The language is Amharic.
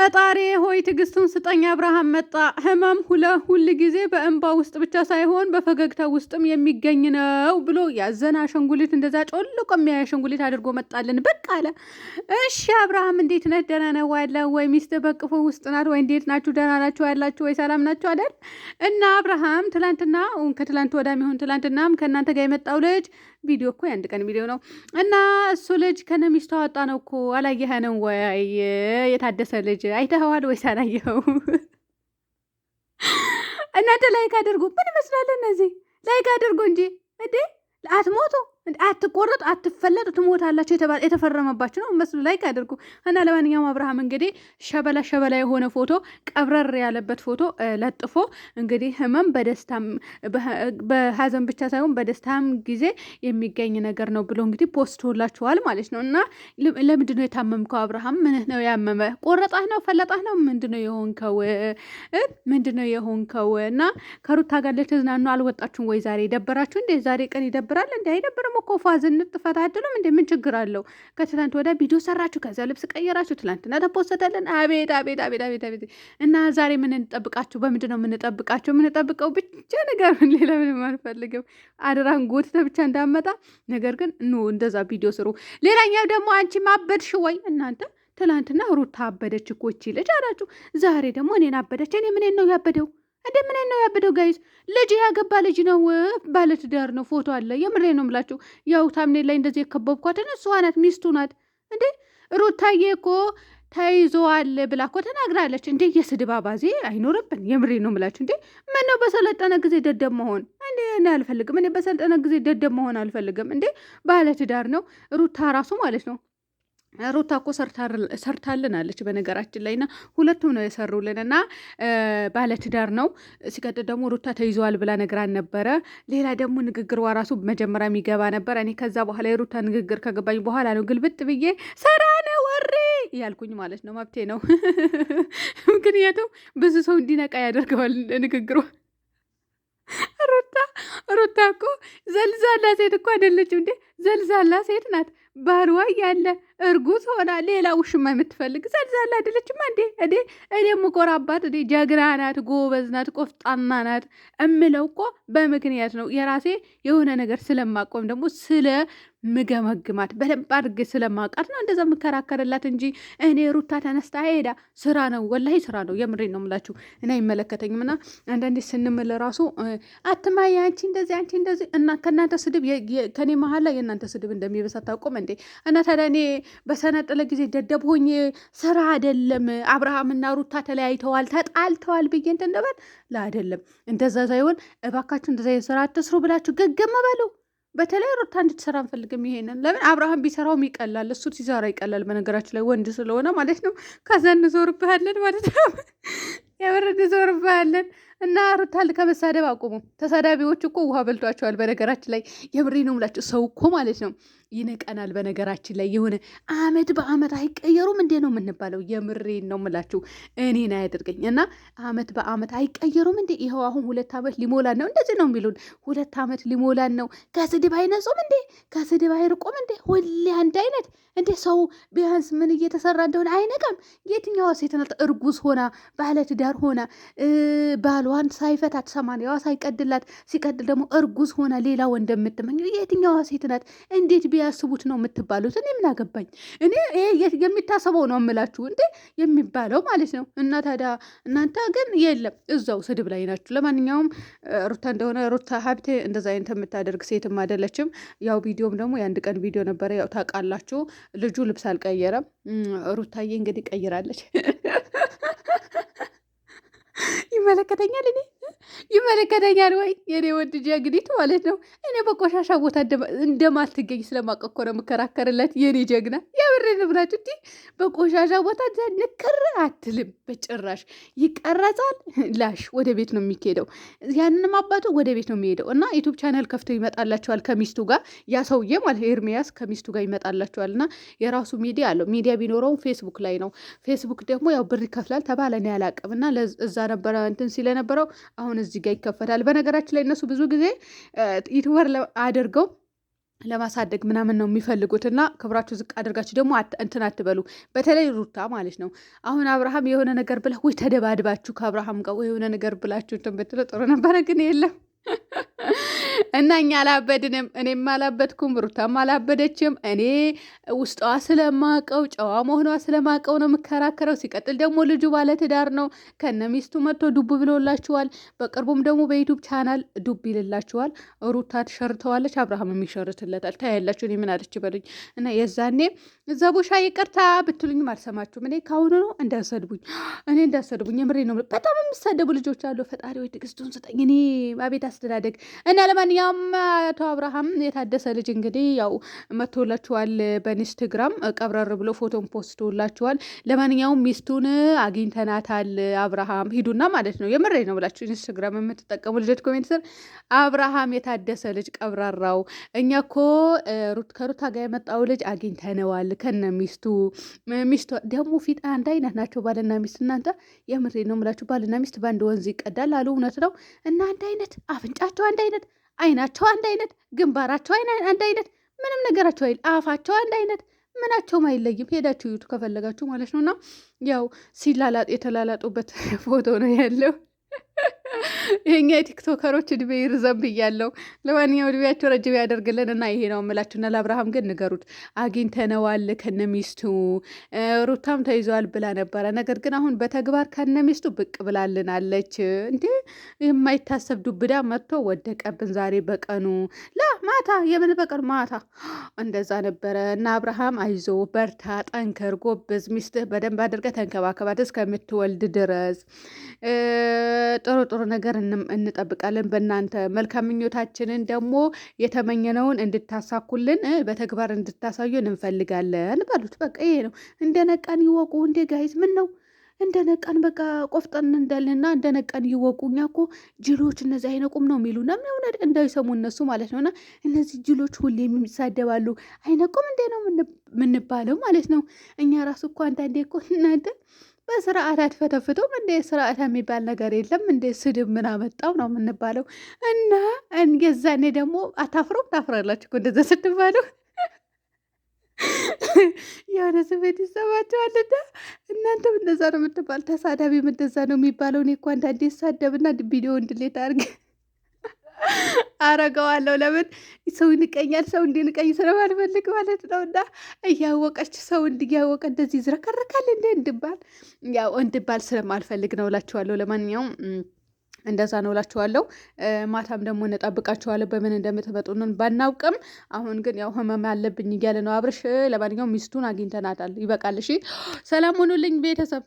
ፈጣሪ ሆይ ትዕግስቱን ስጠኝ። አብርሃም መጣ። ህመም ሁለ ሁል ጊዜ በእንባ ውስጥ ብቻ ሳይሆን በፈገግታ ውስጥም የሚገኝ ነው ብሎ ያዘን አሸንጉሊት እንደዛ ጮልቆ የሚያይ አሸንጉሊት አድርጎ መጣልን። በቃ አለ። እሺ አብርሃም እንዴት ነህ? ደህና ነህ ያለ ወይ ሚስት በቅፎ ውስጥ ናት ወይ? እንዴት ናችሁ? ደህና ናችሁ ያላችሁ ወይ? ሰላም ናችሁ አይደል? እና አብርሃም ትላንትና ከትላንት ወዳም ይሁን ትላንትናም ከእናንተ ጋር የመጣው ልጅ ቪዲዮ እኮ የአንድ ቀን ቪዲዮ ነው እና እሱ ልጅ ከነሚስቱ አወጣ ነው እኮ አላየኸንም ወይ? የታደሰ ልጅ አይተኸዋል ወይስ አላየኸው? እናንተ ላይክ አድርጉ። ምን ይመስላል? እነዚህ ላይክ አድርጉ እንጂ እንዴ አትሞቱ። አትቆረጡ፣ አትፈለጡ፣ ትሞታላችሁ የተፈረመባችሁ ነው። መስሉ ላይ አድርጉ እና ለማንኛውም አብርሃም እንግዲህ ሸበላ ሸበላ የሆነ ፎቶ ቀብረር ያለበት ፎቶ ለጥፎ እንግዲህ ህመም በደስታም በሀዘን ብቻ ሳይሆን በደስታም ጊዜ የሚገኝ ነገር ነው ብሎ እንግዲህ ፖስት ሆላችኋል ማለት ነው። እና ለምንድነው የታመምከው አብርሃም? ምንህ ነው ያመመ? ቆረጣህ ነው ፈለጣህ ነው ምንድነው የሆንከው? ምንድነው የሆንከው? እና ከሩታ ጋር ልትዝናኑ አልወጣችሁም ወይ? ዛሬ የደበራችሁ እንዴ? ዛሬ ቀን ይደብራል እንዴ? አይደብርም እኮ ፏዝን ጥፈት አይደለም እንደ ምን ችግር አለው? ከትላንት ወደ ቪዲዮ ሰራችሁ፣ ከዚያ ልብስ ቀየራችሁ፣ ትላንትና ተፖሰተልን። አቤት አቤት አቤት አቤት አቤት! እና ዛሬ ምን እንጠብቃችሁ? በምንድን ነው የምንጠብቃችሁ? የምንጠብቀው ብቻ ነገር ምን ሌላ ምንም አልፈልግም። አደራን ጎትተ ብቻ እንዳመጣ ነገር ግን ኑ እንደዛ ቪዲዮ ስሩ። ሌላኛው ደግሞ አንቺ ማበድሽ ወይ እናንተ ትላንትና ሩታ አበደች እኮ ይቺ ልጅ አላችሁ። ዛሬ ደግሞ እኔን አበደች። እኔ ምን ነው ያበደው? እንደምን ነው ያበደው? ጋይዝ ልጅ ያገባ ልጅ ነው፣ ባለትዳር ነው፣ ፎቶ አለ። የምሬ ነው ምላችሁ። ያው ታምኔ ላይ እንደዚህ የከበብኳትን እሷ ናት፣ ሚስቱ ናት። እንዴ ሩታዬ እኮ ተይዘዋል ብላ እኮ ተናግራለች። እንዴ የስድብ አባዜ አይኖርብን። የምሬ ነው ምላችሁ። እንዴ ነው በሰለጠነ ጊዜ ደደብ መሆን እንዴ እኔ አልፈልግም። እኔ በሰለጠነ ጊዜ ደደብ መሆን አልፈልግም። እንዴ ባለትዳር ነው ሩታ ራሱ ማለት ነው። ሩታ እኮ ሰርታልን አለች። በነገራችን ላይ ና ሁለቱም ነው የሰሩልን እና ባለትዳር ነው። ሲቀጥል ደግሞ ሩታ ተይዘዋል ብላ ነግራን ነበረ። ሌላ ደግሞ ንግግር ራሱ መጀመሪያ የሚገባ ነበር። እኔ ከዛ በኋላ የሩታ ንግግር ከገባኝ በኋላ ነው ግልብጥ ብዬ ሰራነ ወሬ እያልኩኝ ማለት ነው። መብቴ ነው፣ ምክንያቱም ብዙ ሰው እንዲነቃ ያደርገዋል ንግግሯ። ሩታ ሩታ እኮ ዘልዛላ ሴት እኮ አይደለችም እንዴ! ዘልዛላ ሴት ናት። ባልዋ ያለ እርጉዝ ሆና ሌላ ውሽማ የምትፈልግ ዘልዛላ አይደለችማ እንዴ? እዴ እኔ የምኮራባት እዴ ጀግና ናት፣ ጎበዝ ናት፣ ቆፍጣና ናት እምለው እኮ በምክንያት ነው። የራሴ የሆነ ነገር ስለማቆም ደግሞ ስለ ምገመግማት በደንብ አድርጌ ስለማውቃት ነው እንደዛ የምከራከርላት እንጂ እኔ ሩታ ተነስታ ሄዳ ስራ ነው፣ ወላሂ ስራ ነው። የምሬ ነው ምላችሁ። እኔ አይመለከተኝም። ና አንዳንዴ ስንምል ራሱ አትማ አንቺ እንደዚህ አንቺ እንደዚህ እና ከእናንተ ስድብ ከኔ መሀል ላይ የእናንተ ስድብ እንደሚበሳ ታውቆም እንዴ? እና ታዲያ እኔ በሰነጠለ ጊዜ ደደብ ሆኜ ስራ አይደለም አብርሃምና ሩታ ተለያይተዋል ተጣልተዋል ብዬ እንትን ነበር ለአይደለም። እንደዛ ሳይሆን እባካችሁ እንደዛ ስራ አትስሩ ብላችሁ ገገመ በሉ። በተለይ ሩታ እንድትሰራ አንፈልግም። ይሄንን ለምን አብርሃም ቢሰራውም ይቀላል፣ እሱ ሲሰራ ይቀላል። በነገራችን ላይ ወንድ ስለሆነ ማለት ነው። ከዛ እንዞርብሃለን ማለት ነው። የምር እንዞርብሃለን እና ሩታል ከመሳደብ አቁሙ። ተሳዳቢዎች እኮ ውሃ በልቷቸዋል። በነገራችን ላይ የምሬ ነው ምላቸው ሰው እኮ ማለት ነው ይነቀናል። በነገራችን ላይ የሆነ አመት በአመት አይቀየሩም እንዴ ነው የምንባለው። የምሬን ነው ምላችሁ እኔን አያደርገኝ እና አመት በአመት አይቀየሩም እንዴ? ይኸው አሁን ሁለት አመት ሊሞላን ነው። እንደዚህ ነው የሚሉን። ሁለት አመት ሊሞላን ነው። ከስድብ አይነጹም እንዴ? ከስድብ አይርቁም እንዴ? ሁሌ አንድ አይነት እንዴ? ሰው ቢያንስ ምን እየተሰራ እንደሆነ አይነቃም? የትኛዋ ሴት ናት እርጉዝ ሆና ባለትዳር ሆና ባሏ ባሏን ሳይፈታት ሰማንያዋ ሳይቀድላት ሲቀድል ደግሞ እርጉዝ ሆነ ሌላ ወንድ የምትመኝ የትኛዋ ሴት ናት? እንዴት ቢያስቡት ነው የምትባሉት? እኔ ምን አገባኝ? እኔ የሚታሰበው ነው የምላችሁ እንዴ የሚባለው ማለት ነው። እና ታዲያ እናንተ ግን የለም እዛው ስድብ ላይ ናችሁ። ለማንኛውም ሩታ እንደሆነ ሩታ ሀብቴ እንደዛ አይነት የምታደርግ ሴትም አይደለችም። ያው ቪዲዮም ደግሞ የአንድ ቀን ቪዲዮ ነበረ። ያው ታውቃላችሁ ልጁ ልብስ አልቀየረም። ሩታዬ እንግዲህ ቀይራለች። ይመለከተኛል እኔ ይመለከተኛል ወይ የኔ ወድ ጀግኒት ማለት ነው። እኔ በቆሻሻ ቦታ እንደማትገኝ ስለማቀኮ ነው የምከራከርለት የኔ ጀግና። የብሬን ብላችሁ እንዲ በቆሻሻ ቦታ ንክር አትልም በጭራሽ። ይቀረጻል፣ ላሽ ወደ ቤት ነው የሚሄደው። ያንንም አባቱ ወደ ቤት ነው የሚሄደው እና ዩቱብ ቻናል ከፍቶ ይመጣላቸዋል ከሚስቱ ጋር ያ ሰውዬ ማለት ኤርሚያስ ከሚስቱ ጋር ይመጣላቸዋል። እና የራሱ ሚዲያ አለው። ሚዲያ ቢኖረውም ፌስቡክ ላይ ነው። ፌስቡክ ደግሞ ያው ብር ይከፍላል ተባለ። እኔ አላቅም እና እዛ ነበረ እንትን ሲለነበረው አሁን እዚህ እዚህ ጋር ይከፈታል። በነገራችን ላይ እነሱ ብዙ ጊዜ ዩቱበር አድርገው ለማሳደግ ምናምን ነው የሚፈልጉት እና ክብራችሁ ዝቅ አድርጋችሁ ደግሞ እንትን አትበሉ። በተለይ ሩታ ማለት ነው። አሁን አብርሃም የሆነ ነገር ብላ ወይ ተደባድባችሁ ከአብርሃም ጋር የሆነ ነገር ብላችሁ እንትን ብትለው ጥሩ ነበረ፣ ግን የለም እና እኛ አላበድንም። እኔም አላበድኩም፣ ሩታም አላበደችም። እኔ ውስጧ ስለማቀው ጨዋ መሆኗ ስለማቀው ነው የምከራከረው። ሲቀጥል ደግሞ ልጁ ባለትዳር ነው። ከነ ሚስቱ መጥቶ ዱብ ብሎላችኋል። በቅርቡም ደግሞ በዩቱብ ቻናል ዱብ ይልላችኋል። ሩታ ትሸርተዋለች፣ አብርሃም የሚሸርትለታል። ታያላችሁ። እኔ ምን አለች በሉኝ እና የዛኔ ዘቡሻ ይቅርታ ብትሉኝም አልሰማችሁም። እኔ ካሁኑ ነው እንዳሰድቡኝ፣ እኔ እንዳሰድቡኝ፣ የምሬ ነው። በጣም የሚሰደቡ ልጆች አሉ። ፈጣሪ ወይ ትዕግስቱን ስጠኝ። እኔ አቤት አስተዳደግ እና ለማንኛ ለማንኛውም አቶ አብርሃም የታደሰ ልጅ እንግዲህ ያው መቶላችኋል፣ በኢንስትግራም ቀብረር ብሎ ፎቶን ፖስቶላችኋል። ለማንኛውም ሚስቱን አግኝተናታል። አብርሃም ሂዱና ማለት ነው የምሬ ነው ብላችሁ ኢንስትግራም የምትጠቀሙ ልጆች ኮሜንት ስር አብርሃም የታደሰ ልጅ ቀብራራው፣ እኛ ሩት ከሩታ ጋር የመጣው ልጅ አግኝተነዋል ከነ ሚስቱ። ሚስቱ ደግሞ ፊት አንድ አይነት ናቸው ባልና ሚስት። እናንተ የምሬ ነው ብላችሁ ባልና ሚስት በአንድ ወንዝ ይቀዳል አሉ። እውነት ነው እና አንድ አይነት አፍንጫቸው አንድ አይነት አይናቸው አንድ አይነት፣ ግንባራቸው አንድ አይነት፣ ምንም ነገራቸው አይል አፋቸው አንድ አይነት ምናቸውም አይለይም። ሄዳችሁ ዩቱ ከፈለጋችሁ ማለት ነው። እና ያው ሲላላጥ የተላላጡበት ፎቶ ነው ያለው። ይሄኛ የቲክቶከሮች እድሜ ይርዘም ብያለው። ለማንኛውም እድሜያቸው ረጅም ያደርግልን እና ይሄ ነው የምላችሁና ለአብርሃም ግን ንገሩት አግኝተነዋል ከነ ሚስቱ ሩታም ተይዘዋል ብላ ነበረ። ነገር ግን አሁን በተግባር ከነ ሚስቱ ብቅ ብላልን አለች። እንዴ የማይታሰብ ዱብዳ መጥቶ ወደቀብን ዛሬ በቀኑ ላ ማታ የምን በቀን ማታ እንደዛ ነበረ እና አብርሃም አይዞ በርታ፣ ጠንከር፣ ጎበዝ ሚስትህ በደንብ አድርገህ ተንከባከባት እስከምትወልድ ድረስ ጥሩ ጥሩ ነገር ፍቅርንም እንጠብቃለን። በእናንተ መልካም ምኞታችንን ደግሞ የተመኘነውን እንድታሳኩልን በተግባር እንድታሳዩን እንፈልጋለን ባሉት በቃ ይሄ ነው። እንደነቃን ይወቁ። እንደ ጋይዝ ምን ነው እንደ ነቃን በቃ ቆፍጠን እንዳለና እንደ ነቃን ይወቁ። እኛ እኮ ጅሎች እነዚህ አይነቁም ነው የሚሉና ምናምን እንዳይሰሙ እነሱ ማለት ነውና እነዚህ ጅሎች ሁሌም የሚሳደባሉ አይነቁም እንዴ ነው ምንባለው ማለት ነው። እኛ ራሱ እኮ አንዳንዴ እኮ እናንተ በስርዓት አትፈተፍቱም እንዴ? ስርዓት የሚባል ነገር የለም እንዴ? ስድብ ምን አመጣው ነው የምንባለው። እና የዛኔ ደግሞ አታፍሮም? ታፍራላችሁ እንደዛ ስትባሉ የሆነ ስሜት ይሰማቸዋልና እናንተም እንደዛ ነው የምትባል። ተሳዳቢ እንደዛ ነው የሚባለው። እኔ እኮ አንዳንዴ ሳደብና ቪዲዮ እንድሌት አድርግ አረገዋለሁ። ለምን ሰው ይንቀኛል? ሰው እንዲንቀኝ ስለማልፈልግ ማለት ነው። እና እያወቀች ሰው እንዲያወቀ እንደዚህ ይዝረከረካል እንዴ እንድባል ያው እንድባል ስለማልፈልግ ነው እላችኋለሁ። ለማንኛውም እንደዛ ነው እላችኋለሁ። ማታም ደግሞ እንጠብቃችኋለሁ በምን እንደምትመጡንን ባናውቅም፣ አሁን ግን ያው ህመም አለብኝ እያለ ነው አብርሽ። ለማንኛውም ሚስቱን አግኝተናታል። ይበቃል። እሺ፣ ሰላም ሁኑልኝ ቤተሰብ።